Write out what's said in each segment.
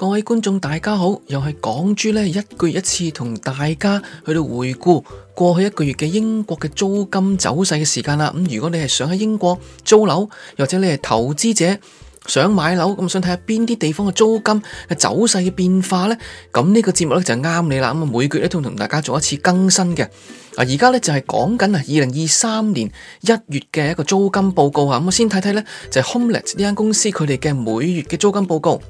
各位觀眾大家好，又係港豬咧，一個月一次同大家去到回顧過去一個月嘅英國嘅租金走勢嘅時間啦。咁如果你係想喺英國租樓，或者你係投資者想買樓，咁想睇下邊啲地方嘅租金嘅走勢嘅變化咧，咁呢個節目咧就啱你啦。咁啊，每個月咧都同大家做一次更新嘅。啊，而家咧就係、是、講緊啊，二零二三年一月嘅一個租金報告啊。咁、嗯、我先睇睇咧，就是、Homelet 呢間公司佢哋嘅每月嘅租金報告。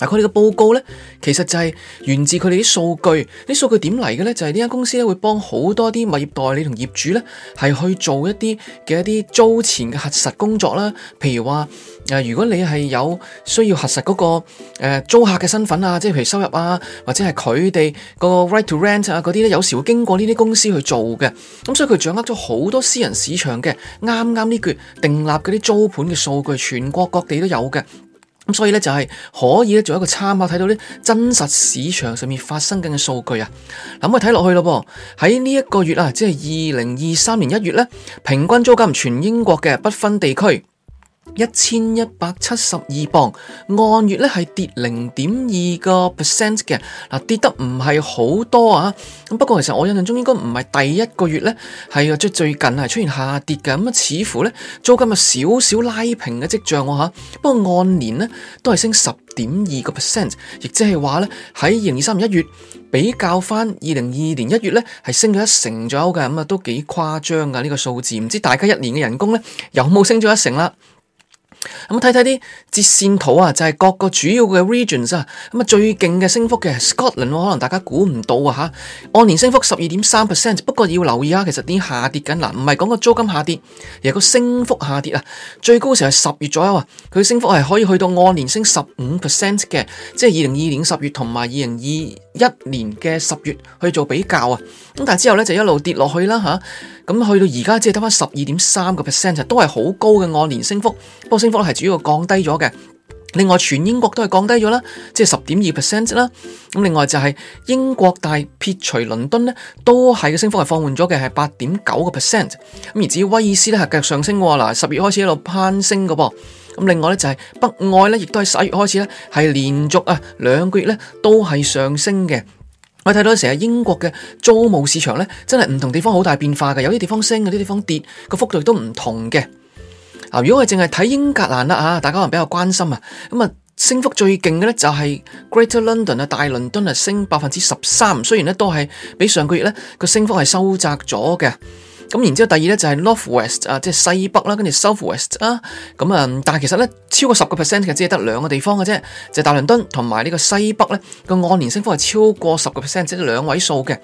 嗱，佢哋嘅報告呢，其實就係源自佢哋啲數據，啲數據點嚟嘅呢？就係呢間公司呢會幫好多啲物業代理同業主呢係去做一啲嘅一啲租前嘅核實工作啦。譬如話，誒，如果你係有需要核實嗰個誒租客嘅身份啊，即係譬如收入啊，或者係佢哋個 right to rent 啊嗰啲呢有時會經過呢啲公司去做嘅。咁所以佢掌握咗好多私人市場嘅，啱啱呢句訂立嗰啲租盤嘅數據，全國各地都有嘅。所以呢，就係可以做一個參考，睇到呢真實市場上面發生緊嘅數據啊。噉咪睇落去咯，喺呢一個月啊，即係二零二三年一月呢，平均租金全英國嘅不分地區。一千一百七十二磅，按月咧係跌零點二個 percent 嘅，嗱，跌得唔係好多啊。咁不過其實我印象中應該唔係第一個月咧，係即最近係出現下跌嘅，咁啊似乎咧租金啊少少拉平嘅跡象喎，吓。不過按年咧都係升十點二個 percent，亦即係話咧喺二零二三年一月比較翻二零二二年一月咧係升咗一成左右嘅，咁啊都幾誇張噶呢個數字，唔知大家一年嘅人工咧有冇升咗一成啦？咁睇睇啲折線圖啊，就係、是、各個主要嘅 regions 啊，咁啊最勁嘅升幅嘅 Scotland，可能大家估唔到啊吓，按年升幅十二點三 percent，不過要留意啊，其實啲下跌緊啦，唔係講個租金下跌，而係個升幅下跌啊，最高嘅時候係十月左右啊，佢升幅係可以去到按年升十五 percent 嘅，即係二零二二年十月同埋二零二一年嘅十月去做比較啊，咁但係之後咧就一路跌落去啦吓，咁去到而家即係得返十二點三個 percent 就都係好高嘅按年升幅，不過升幅。都係主要降低咗嘅。另外，全英國都係降低咗啦，即係十點二 percent 啦。咁另外就係英國大撇除倫敦呢，都係嘅升幅係放緩咗嘅，係八點九個 percent。咁而至於威爾斯呢，係繼續上升。嗱，十月開始一路攀升嘅噃。咁另外呢，就係北愛呢，亦都喺十一月開始呢，係連續啊兩個月呢都係上升嘅。我睇到成日英國嘅租務市場呢，真係唔同地方好大變化嘅，有啲地方升，有啲地方跌，個幅度都唔同嘅。如果我淨係睇英格蘭啦嚇，大家可能比較關心啊，咁啊升幅最勁嘅咧就係 Greater London 啊，大倫敦啊升百分之十三，雖然咧都係比上個月咧個升幅係收窄咗嘅，咁然之後第二咧就係 North West 啊，即係西北啦，跟住 South West 啊，咁啊，但係其實咧超過十個 percent 嘅只係得兩個地方嘅啫，就係大倫敦同埋呢個西北咧個按年升幅係超過十個 percent，即係兩位數嘅。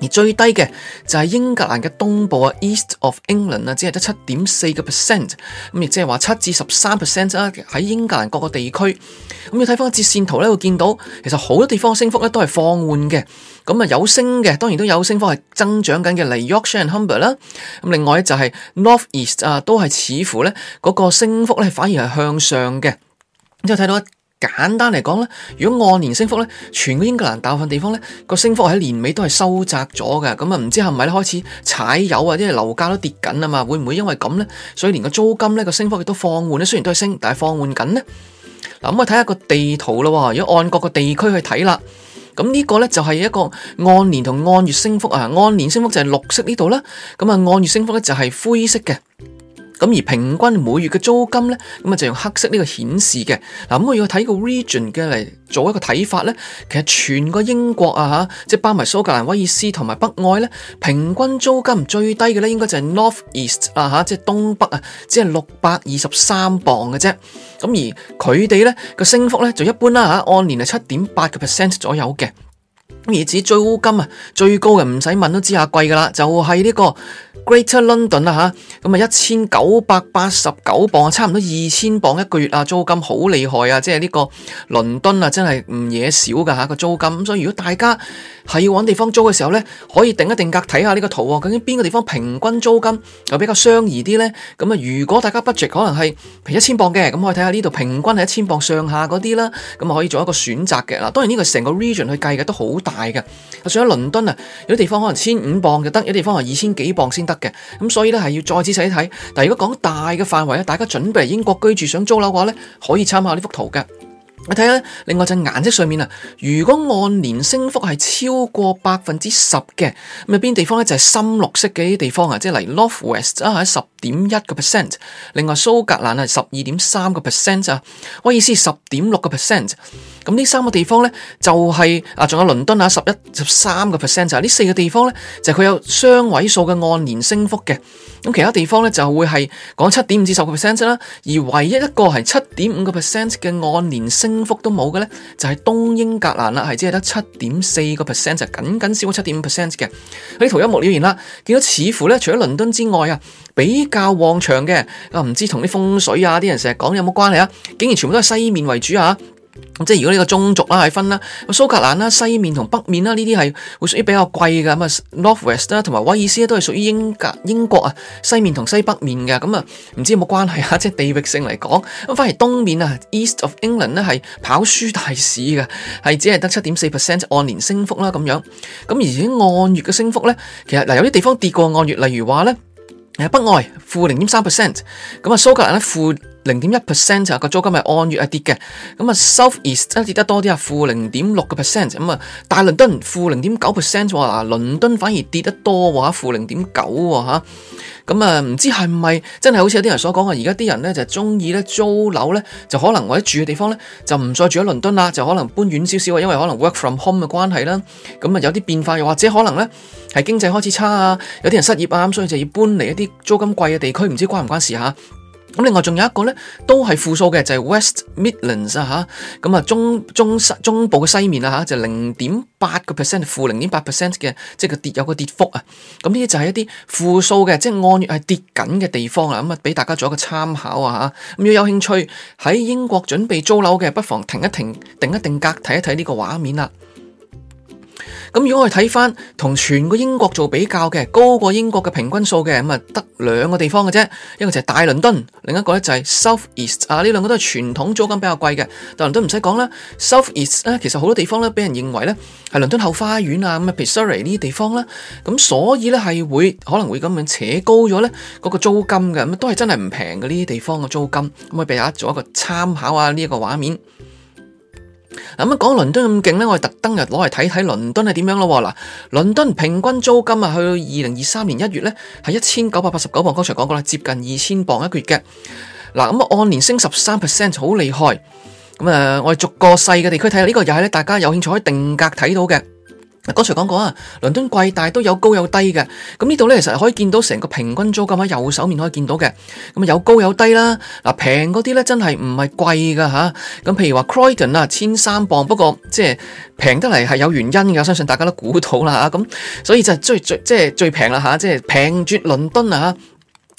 而最低嘅就係英格蘭嘅東部啊、e、，East of England 啊，只係得七點四個 percent，咁亦即係話七至十三 percent 喺英格蘭各個地區，咁要睇翻折線圖咧，會見到其實好多地方升幅咧都係放緩嘅，咁啊有升嘅當然都有升幅係增長緊嘅，例如 Yorkshire and Humber 啦，咁另外咧就係 North East 啊，都係似乎咧嗰個升幅咧反而係向上嘅，睇到。簡單嚟講呢，如果按年升幅呢，全個英格蘭大部分地方呢個升幅喺年尾都係收窄咗嘅，咁啊唔知係咪開始踩油啊，即係樓價都跌緊啊嘛，會唔會因為咁呢？所以連個租金呢個升幅亦都放緩呢？雖然都係升，但係放緩緊呢。嗱，咁啊睇下個地圖啦，如果按各個地區去睇啦，咁呢個呢就係一個按年同按月升幅啊，按年升幅就係綠色呢度啦，咁啊按月升幅呢就係灰色嘅。咁而平均每月嘅租金呢，咁啊就用黑色呢個顯示嘅。嗱，咁我要睇個 region 嘅嚟做一個睇法呢。其實全個英國啊吓，即係包埋蘇格蘭、威爾斯同埋北愛呢，平均租金最低嘅呢應該就係 North East 啊，吓，即係東北啊，只係六百二十三磅嘅啫。咁而佢哋呢個升幅呢，就一般啦吓啊，按年係七點八個 percent 左右嘅。而止租金啊，最高嘅唔使問都知下貴噶啦，就係呢個 Greater London 啊。咁啊一千九百八十九磅啊，差唔多二千磅一個月啊，租金好厲害啊，即係呢個倫敦啊，真係唔嘢少噶嚇個租金。咁所以如果大家係要揾地方租嘅時候呢，可以定一定格睇下呢個圖喎，究竟邊個地方平均租金又比較相宜啲呢？咁啊，如果大家 budget 可能係平一千磅嘅，咁可以睇下呢度平均係一千磅上下嗰啲啦，咁啊可以做一個選擇嘅啦。當然呢個成個 region 去計嘅都好大。係嘅，我上咗倫敦啊，有啲地方可能千五磅就得，有啲地方係二千幾磅先得嘅，咁所以咧係要再仔細睇。但如果講大嘅範圍，大家準備英國居住想租樓嘅話咧，可以參考呢幅圖嘅。你睇下，另外就顏色上面啊，如果按年升幅係超過百分之十嘅，咁啊邊地方咧就係、是、深綠色嘅啲地方啊，即係嚟 North West 啊，喺十點一個 percent，另外蘇格蘭啊十二點三個 percent 啊，威爾斯十點六個 percent，咁呢三個地方咧就係、是、啊，仲有倫敦啊十一十三個 percent 就係呢四個地方咧，就係、是、佢有雙位數嘅按年升幅嘅，咁其他地方咧就會係講七點五至十個 percent 啦，而唯一一個係七點五個 percent 嘅按年升幅都冇嘅呢，就係、是、東英格蘭啦，係只係得七點四個 percent，就僅僅少咗七點五 percent 嘅。呢圖一目了然啦，見到似乎呢，除咗倫敦之外啊，比較旺場嘅啊，唔知同啲風水啊啲人成日講有冇關係啊？竟然全部都係西面為主啊！咁即係如果呢個宗族啦，係分啦，咁蘇格蘭啦，西面同北面啦，呢啲係會屬於比較貴嘅咁啊，Northwest 啦，同埋威爾斯都係屬於英格英國啊，西面同西北面嘅咁啊，唔、嗯、知有冇關係啊？即係地域性嚟講，咁反而東面啊，East of England 咧係跑輸大市嘅，係只係得七點四 percent 按年升幅啦，咁樣，咁而且按月嘅升幅咧，其實嗱、呃、有啲地方跌過按月，例如話咧，誒北外負零點三 percent，咁啊蘇格蘭咧負。零點一 percent 啊，個租金係按月一跌嘅。咁啊 South East 跌得多啲啊，負零點六個 percent。咁啊，大倫敦負零點九 percent 喎。啊、哦，倫敦反而跌得多喎，嚇負零點九喎，嚇。咁啊，唔知係咪真係好似有啲人所講啊？而家啲人咧就中意咧租樓咧，就可能或者住嘅地方咧就唔再住喺倫敦啦，就可能搬遠少少啊，因為可能 work from home 嘅關係啦。咁啊，有啲變化又或者可能咧係經濟開始差啊，有啲人失業啊，咁所以就要搬嚟一啲租金貴嘅地區，唔知關唔關事嚇、啊？咁另外仲有一個咧，都係負數嘅，就係 West Midlands 啊嚇，咁啊，啊，啊中中西中部嘅西面啊，就零點八個 percent 負零點八 percent 嘅，即係個跌有個跌幅啊。咁呢啲就係一啲負數嘅，即係按月係跌緊嘅地方啦。咁啊，俾大家做一個參考啊嚇。咁如果有興趣喺英國準備租樓嘅，不妨停一停，定一定格睇一睇呢個畫面啦。啊咁如果我哋睇翻同全個英國做比較嘅，高過英國嘅平均數嘅，咁啊得兩個地方嘅啫，一個就係大倫敦，另一個咧就係 South East 啊，呢兩個都係傳統租金比較貴嘅。大倫敦唔使講啦，South East 咧、啊、其實好多地方咧俾人認為咧係倫敦後花園啊咁啊 Surrey 呢啲地方啦，咁所以咧係會可能會咁樣扯高咗咧個租金嘅，咁、啊、都係真係唔平嘅呢啲地方嘅租金。咁啊，俾大家做一個參考啊呢一個畫面。嗱，講到倫敦咁勁呢，我哋特登又攞嚟睇睇倫敦係點樣咯。嗱，倫敦平均租金啊，去到二零二三年一月呢，係一千九百八十九鎊，剛才講過啦，接近二千鎊一個月嘅。嗱，咁啊按年升十三 percent，好厲害。咁啊，我哋逐個細嘅地區睇下，呢、呢個又係大家有興趣可以定格睇到嘅。嗱，剛才講過啊，倫敦貴但都有高有低嘅，咁呢度咧，其實可以見到成個平均租金喺右手面可以見到嘅，咁有高有低啦，嗱，平嗰啲咧真係唔係貴噶嚇，咁譬如話 Croydon 啊，千三磅，不過即係平得嚟係有原因嘅，我相信大家都估到啦啊，咁所以就最最即係，就是，最平啦，即係平絕倫敦啊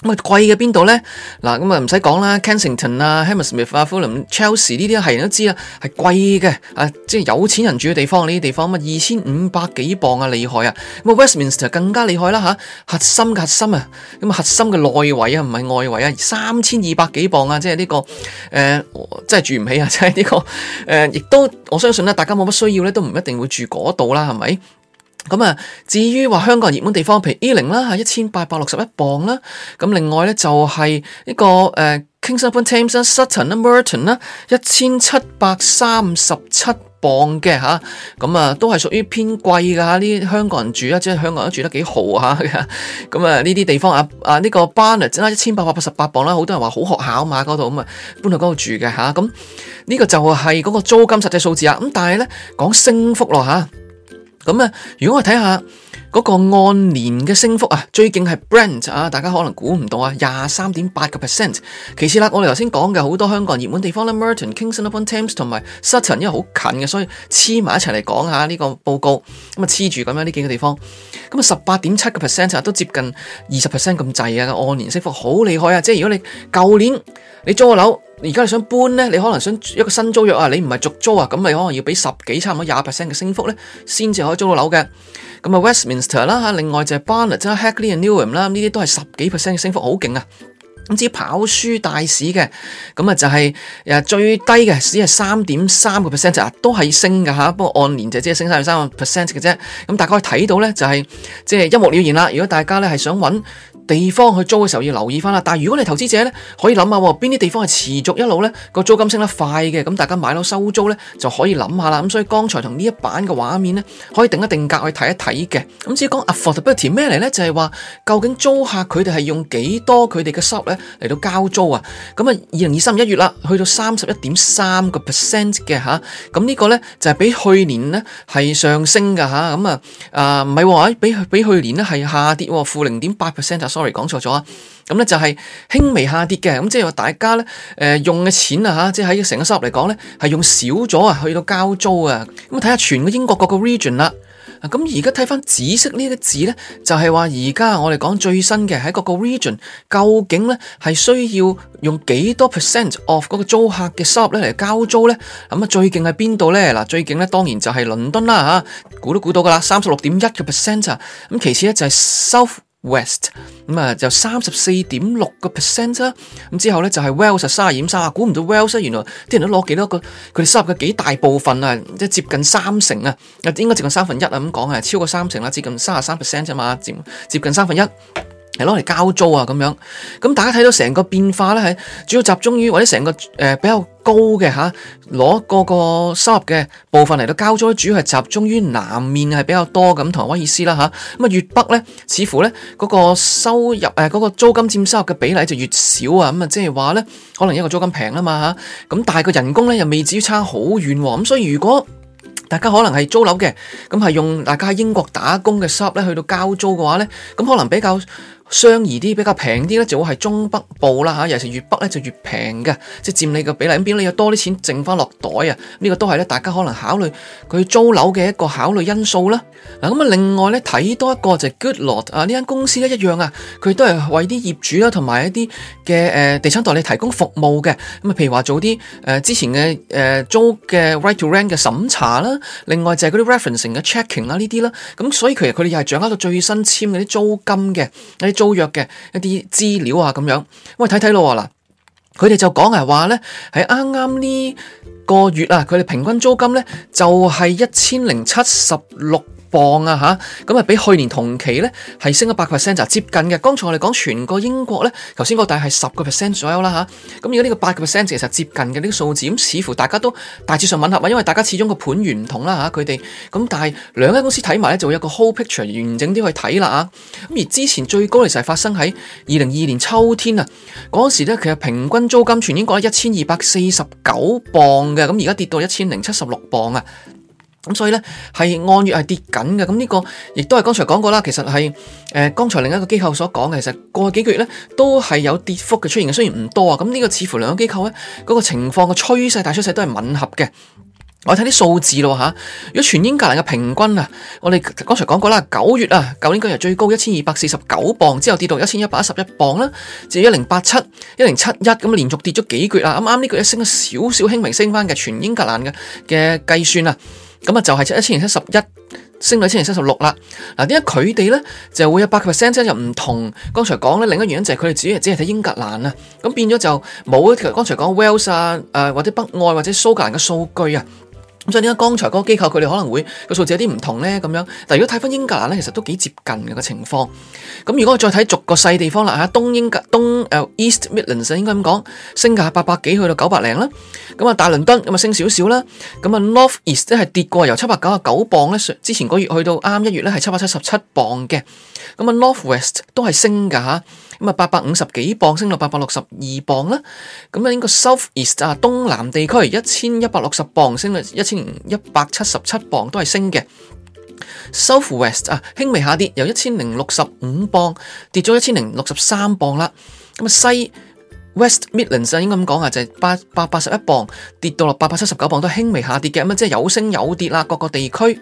咁貴嘅邊度呢？嗱，咁啊唔使講啦 Kensington 啊、Hammersmith 啊、Fulham、Chelsea 呢啲係人都知啊，係貴嘅啊，即、就、係、是、有錢人住嘅地方，呢啲地方乜二千五百幾磅啊，厲害啊！咁啊 Westminster 更加厲害啦、啊、核心核心啊，咁啊核心嘅內圍啊，唔係外圍啊，三千二百幾磅啊，即係呢個誒、呃、真係住唔起啊，即係呢個誒亦、呃、都我相信咧，大家冇乜需要咧，都唔一定會住嗰度啦，係咪？咁啊，至於話香港人熱門地方，譬如 E 零啦，嚇一千八百六十一磅啦。咁另外咧就係、是、呢、這個誒、uh, Kingston Times Sutton m e r t o n 啦，一千七百三十七磅嘅吓，咁啊，都係屬於偏貴㗎嚇。呢香港人住，就是、港人住啊，即係香港都住得幾豪嚇咁啊，呢啲地方啊啊，呢、這個 b a n n t e r 啦，一千八百八十八磅啦，好多人話好學校嘛，嗰度咁啊，搬到嗰度住嘅吓，咁、啊、呢個就係嗰個租金實際數字啊。咁但係咧講升幅咯咁啊！如果我睇下嗰個按年嘅升幅啊，最勁係 Brent 啊，大家可能估唔到啊，廿三點八個 percent。其次啦，我哋頭先講嘅好多香港熱門地方呢 Merton Kingston upon Thames 同埋 Sutton，因為好近嘅，所以黐埋一齊嚟講下呢個報告咁啊，黐住咁樣呢幾個地方咁啊，十八點七個 percent 都接近二十 percent 咁滯啊。按年升幅好厲害啊！即係如果你舊年你租個樓。而家你想搬咧？你可能想一個新租約啊，你唔係續租啊，咁你可能要俾十幾差唔多廿 percent 嘅升幅咧，先至可以租到樓嘅。咁啊 Westminster 啦，另外就係 Barnet 即係 Hackney and Newham 啦，呢啲都係十幾 percent 嘅升幅，好勁啊！咁至於跑輸大市嘅，咁啊就係最低嘅只係三點三個 percent 啊，都係升㗎。不過按年就即係升三點三個 percent 嘅啫。咁大家可以睇到咧，就係即係一目了然啦。如果大家咧係想揾，地方去租嘅時候要留意翻啦，但係如果你投資者咧，可以諗下喎，邊啲地方係持續一路咧個租金升得快嘅，咁大家買樓收租咧就可以諗下啦。咁所以剛才同呢一版嘅畫面咧，可以定一定格去睇一睇嘅。咁至於講 affordability 咩嚟咧，就係話究竟租客佢哋係用幾多佢哋嘅收入咧嚟到交租啊？咁啊，二零二三一月啦，去到三十一點三個 percent 嘅吓。咁呢個咧就係比去年咧係上升㗎吓。咁啊啊唔係喎，比比去年咧係下跌負零點八 percent sorry 講錯咗啊！咁咧就係輕微下跌嘅，咁即係話大家咧誒用嘅錢啊吓，即係喺成個收入嚟講咧係用少咗啊，去到交租啊！咁睇下全個英國各個 region 啦，咁而家睇翻紫色呢個字咧，就係話而家我哋講最新嘅喺各個 region 究竟咧係需要用幾多 percent of 嗰個租客嘅收入咧嚟交租咧？咁啊最勁喺邊度咧？嗱最勁咧當然就係倫敦啦吓，估都估到噶啦，三十六點一嘅 percent 啊！咁其次咧就係 South。West 咁、嗯、啊，就三十四點六個 percent 啦。咁之後咧就係、是、Wales 三十二點三啊，估唔到 Wales、啊、原來啲人都攞幾多個，佢哋收入嘅幾大部分啊，即係接近三成啊，應該接近三分一啊咁講啊，超過三成啦、啊，接近三十三 percent 啫嘛，接接近三分一。係攞嚟交租啊咁樣，咁大家睇到成個變化咧，係主要集中於或者成個誒比較高嘅吓，攞嗰個收入嘅部分嚟到交租，主要係集中於南面係比較多咁，同威爾斯啦吓。咁啊，越北咧似乎咧嗰個收入誒嗰、嗰個租金佔收入嘅比例就越少啊。咁啊，即係話咧，可能一個租金平啊嘛吓，咁但係個人工咧又未至於差好遠喎。咁所以如果大家可能係租樓嘅，咁係用大家喺英國打工嘅收入咧去到交租嘅話咧，咁可能比較，相宜啲比較平啲咧，就會係中北部啦嚇，尤其越北咧就越平嘅，即係佔你嘅比例咁，俾你有多啲錢剩翻落袋啊！呢個都係咧，大家可能考慮佢租樓嘅一個考慮因素啦。嗱咁啊，另外咧睇多一個就係 Goodlord 啊，呢間公司咧一樣啊，佢都係為啲業主啦同埋一啲嘅誒地產代理提供服務嘅。咁啊，譬如話做啲誒之前嘅誒租嘅 Right to Rent 嘅審查啦，另外就係嗰啲 Referencing 嘅 Checking 啦呢啲啦，咁所以其實佢哋又係掌握到最新簽嗰啲租金嘅。租約嘅一啲資料啊，咁樣，喂，睇睇咯。嗱，佢哋就講係話咧，喺啱啱呢個月啊，佢哋平均租金咧就係一千零七十六磅啊，嚇！咁啊，比去年同期咧係升咗八 percent 啊，接近嘅。剛才我哋講全個英國咧，頭先嗰個大係十個 percent 左右啦，吓，咁而家呢個八個 percent 其實接近嘅呢個數字，咁似乎大家都大致上吻合啊。因為大家始終個盤源唔同啦，嚇佢哋。咁但係兩間公司睇埋咧就會有個 whole picture 完整啲去睇啦，吓、啊，咁而之前最高其實係發生喺二零二二年秋天啊，嗰時咧其實平均租金全英國一千二百四十九磅嘅，咁而家跌到一千零七十六磅啊。咁所以咧，係按月係跌緊嘅。咁、這、呢個亦都係剛才講過啦。其實係誒，剛、呃、才另一個機構所講嘅，其實過去幾個月咧都係有跌幅嘅出現嘅，雖然唔多啊。咁、這、呢個似乎兩個機構咧嗰、這個情況嘅趨勢大趨勢都係吻合嘅。我睇啲數字咯吓，如果全英格蘭嘅平均啊，我哋剛才講過啦，九月啊，舊年今日最高一千二百四十九磅，之後跌到一千一百一十一磅啦，至一零八七、一零七一咁連續跌咗幾個月啦。啱啱呢個一升少少輕微升返嘅全英格蘭嘅嘅計算啊。咁啊就係出一千零七十一升到一千零七十六啦。嗱，點解佢哋咧就會有百個 percent 即又唔同？剛才講咧另一原因就係佢哋主要只係睇英格蘭啊，咁變咗就冇咧。剛才講威爾士啊，誒或者北愛或者蘇格蘭嘅數據啊。咁所以點解剛才嗰個機構佢哋可能會個數字有啲唔同咧咁樣？但係如果睇翻英格蘭咧，其實都幾接近嘅個情況。咁如果我再睇逐個細地方啦嚇，東英格東、呃、East Midlands 應該咁講，升價係八百幾去到九百零啦。咁啊大倫敦咁啊升少少啦。咁啊 North East 係跌過，由七百九啊九磅咧，之前嗰月去到啱一月咧係七百七十七磅嘅。咁啊 North West .都係升噶嚇，咁、嗯、啊八百五十幾磅升到八百六十二磅啦。咁啊呢個 South East 啊東南地區一千一百六十磅升到一千一百七十七磅都係升嘅。South West 啊輕微下跌，由一千零六十五磅跌咗一千零六十三磅啦。咁、嗯、啊西 West Midlands 應該咁講啊，就係、是、八百八,八十一磅跌到落八百七十九磅都係輕微下跌嘅。咁、嗯、啊即係有升有跌啦，各個地區。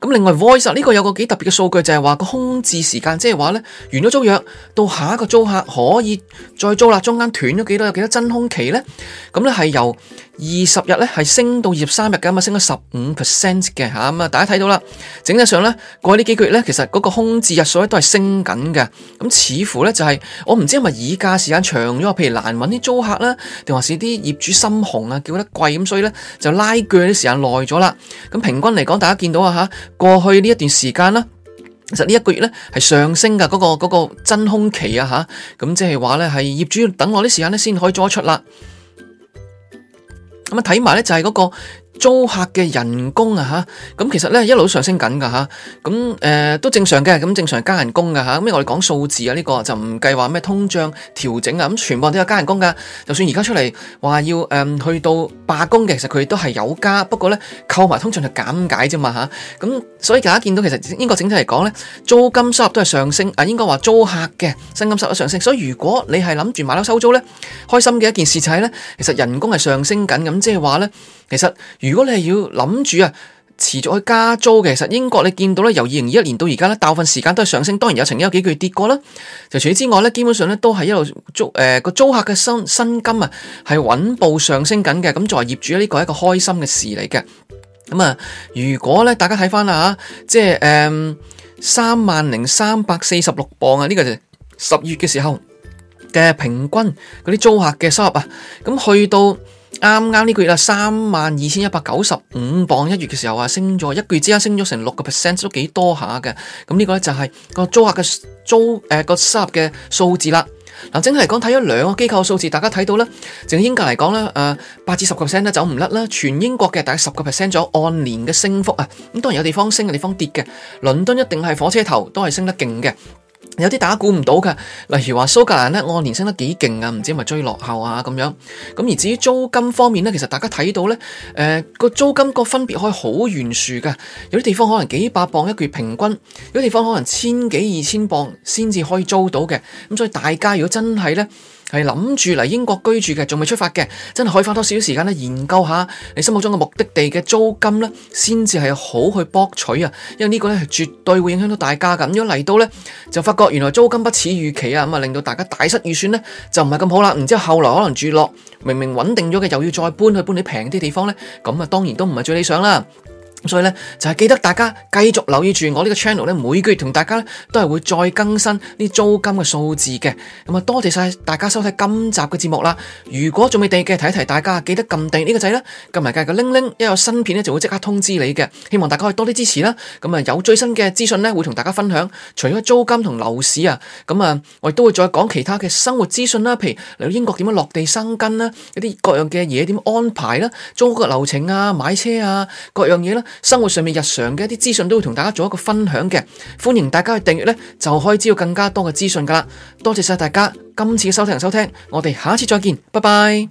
咁另外 Voice 呢個有個幾特別嘅數據，就係話個空置時間，即係話呢，完咗租約到下一個租客可以再租啦，中間斷咗幾多，有幾多真空期呢？咁咧係由二十日咧，係升到二十三日噶嘛，升咗十五 percent 嘅吓。咁啊，大家睇到啦，整體上咧，過去呢幾個月咧，其實嗰個空置日數都係升緊嘅，咁似乎咧就係、是、我唔知係咪議價時間長咗，譬如難揾啲租客啦，定還是啲業主心紅啊叫得貴咁，所以咧就拉鋸啲時間耐咗啦。咁平均嚟講，大家見到啊吓，過去呢一段時間啦，其實呢一個月咧係上升噶，嗰、那個嗰、那個真空期啊吓，咁即係話咧係業主要等耐啲時間咧先可以租出啦。咁啊，睇埋咧就係嗰個租客嘅人工啊，咁其實咧一路上升緊㗎，咁誒、呃、都正常嘅，咁正常加人工㗎嚇。咁咩我哋講數字啊？呢、呢個就唔計話咩通脹調整啊，咁全部都有加人工㗎。就算而家出嚟話要誒、嗯、去到罷工嘅，其實佢都係有加。不過咧，扣埋通脹就減解啫嘛。咁所以大家見到其實英國整體嚟講咧，租金收入都係上升啊，應該話租客嘅薪金收入都上升。所以如果你係諗住買樓收租咧，開心嘅一件事情就係咧，其實人工係上升緊，咁即係話咧。其實如果你係要諗住啊持續去加租嘅，其實英國你見到咧，由二零二一年到而家咧，大部分時間都係上升，當然有曾經有幾個月跌過啦。就除此之外咧，基本上咧都係一路租誒個、呃、租客嘅薪薪金啊係穩步上升緊嘅。咁作為業主呢、這個係一個開心嘅事嚟嘅。咁啊，如果咧大家睇翻啦吓，即係誒三萬零三百四十六磅啊，呢、這個就十月嘅時候嘅平均嗰啲租客嘅收入啊，咁去到。啱啱呢個月啦，三萬二千一百九十五磅。一月嘅時候啊，升咗，一個月之間升咗成六個 percent，都幾多下嘅。咁呢個咧就係個租客嘅租誒個收入嘅數字啦。嗱，整體嚟講睇咗兩個機構嘅數字，大家睇到咧，淨係英格蘭嚟講咧，誒八至十個 percent 咧走唔甩啦。全英國嘅大概十個 percent 左右按年嘅升幅啊，咁當然有地方升嘅地方跌嘅。倫敦一定係火車頭，都係升得勁嘅。有啲打估唔到嘅，例如話蘇格蘭咧按年升得幾勁啊，唔知係咪追落後啊咁樣。咁而至於租金方面咧，其實大家睇到咧，誒、呃、個租金個分別可以好懸殊嘅，有啲地方可能幾百磅一月平均，有啲地方可能千幾二千磅先至可以租到嘅。咁所以大家如果真係咧，係諗住嚟英國居住嘅，仲未出發嘅，真係可以花多少少時間研究下你心目中嘅目的地嘅租金呢，先至係好去博取啊！因為呢個呢，絕對會影響到大家噶。咁如果嚟到呢，就發覺原來租金不似預期啊，咁啊令到大家大失預算呢，就唔係咁好啦。然之後後來可能住落明明穩定咗嘅，又要再搬去搬啲平啲地方呢，咁啊當然都唔係最理想啦。所以咧，就係、是、記得大家繼續留意住我個道呢個 channel 咧，每個月同大家咧都係會再更新啲租金嘅數字嘅。咁啊，多謝晒大家收睇今集嘅節目啦。如果仲未訂嘅，提一提大家記得撳訂呢個掣啦，撳埋隔籬個鈴鈴，一有新片咧就會即刻通知你嘅。希望大家可以多啲支持啦。咁啊，有最新嘅資訊咧會同大家分享。除咗租金同樓市啊，咁啊，我亦都會再講其他嘅生活資訊啦。譬如嚟到英國點樣落地生根啦，一啲各樣嘅嘢點安排啦，租屋嘅流程啊，買車啊，各樣嘢啦。生活上面日常嘅一啲資訊都會同大家做一個分享嘅，歡迎大家去訂閱呢，就可以知道更加多嘅資訊㗎喇。多謝晒大家今次嘅收聽和收聽，我哋下次再見，拜拜。